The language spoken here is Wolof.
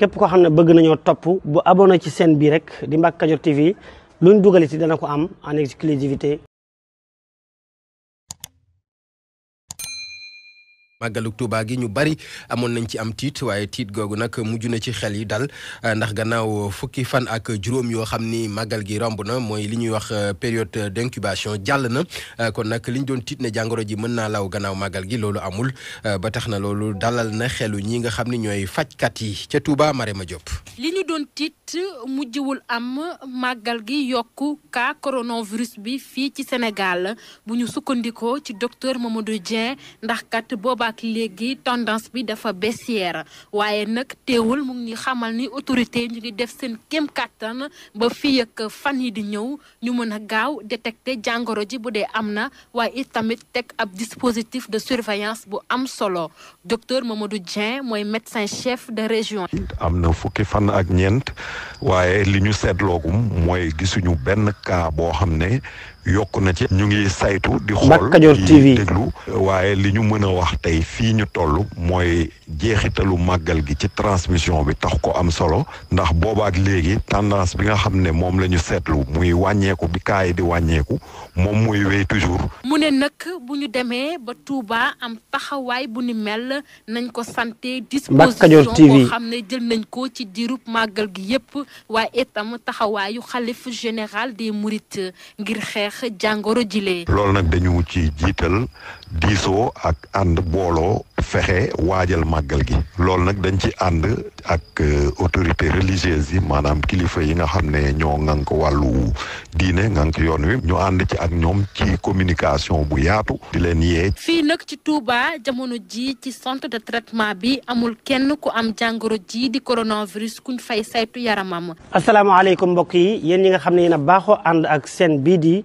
képp koo xam ne bëgg nañoo topp bu abonné ci seen bi rek di Mbacke Kadior TV luñ dugaliti dana ko am en exclusivité màggaluk Tuuba gi ñu bari amoon nañ ci am tiit waaye tiit googu nag mujj na ci xel yi dal euh, ndax gannaaw fukki fan ak juróom yoo xam ni màggal gi romb na mooy li ñuy wax euh, période d'incubation jàll na euh, kon nag li ñu doon tiit ne jàngoro ji mën naa law gannaaw màggal gi loolu amul ba tax na loolu dalal na xelu ñi nga xam ni ñooy fajkat yi ca Tuuba Marema Diop. li ñu doon tiit mujjwul am màggal gi yokk yokku cas coronavirus bi fii ci Sénégal bu ñu sukkandikoo ci docteur Mamadou Dieng ndax boobaak léegi tendance bi dafa baissière waaye nag teewul mu ngi xamal ni autorité ñu ngi def seen kéem kàttan ba fi ak fan yi di ñëw ñu mën a gaaw détecter jàngoro ji bu dee am na waaye it tamit teg ab dispositif de surveillance bu am solo docteur Mamadou Dieng mooy médecin chef de région. am na fukki fan ak ñeent waaye li ñu seetloogum mooy gisuñu benn cas boo xam ne yokk na ci. ñu ngi saytu di xool di déglu waaye li ñu mën wax tey. tey fii ñu toll mooy jeexitalu màggal gi ci transmission bi tax ko am solo ndax ak léegi tendance bi nga xam ne moom la ñu seetlu muy wàññeeku bi kaay di wàññeeku moom muy wéy toujours. mu ne nag bu ñu demee ba Touba am taxawaay bu ni mel nañ ko santé disposition boo xam ne jël nañ ko ci diirub màggal gi yépp waaye itam taxawaayu xalif général des mourides ngir xeex jàngoro jile. loolu nag dañu ci jiital. diisoo ak ànd booloo fexe waajal màggal gi loolu nag dañ ci ànd ak euh, autorité religieuse yi maanaam kilifa yi nga xam ne ñoo ŋànk wàllu diine ŋànk yoon wi ñu ànd ci ak ñoom ci communication bu yaatu di leen yee fii nag ci Touba jamono ji ci centre de traitement bi amul kenn ku am jàngoro ji di coronavirus kuñ fay saytu yaramam asalaamaaleykum mbokk yi yéen ñi nga xam ne yéen a baaxoo ànd ak seen bii di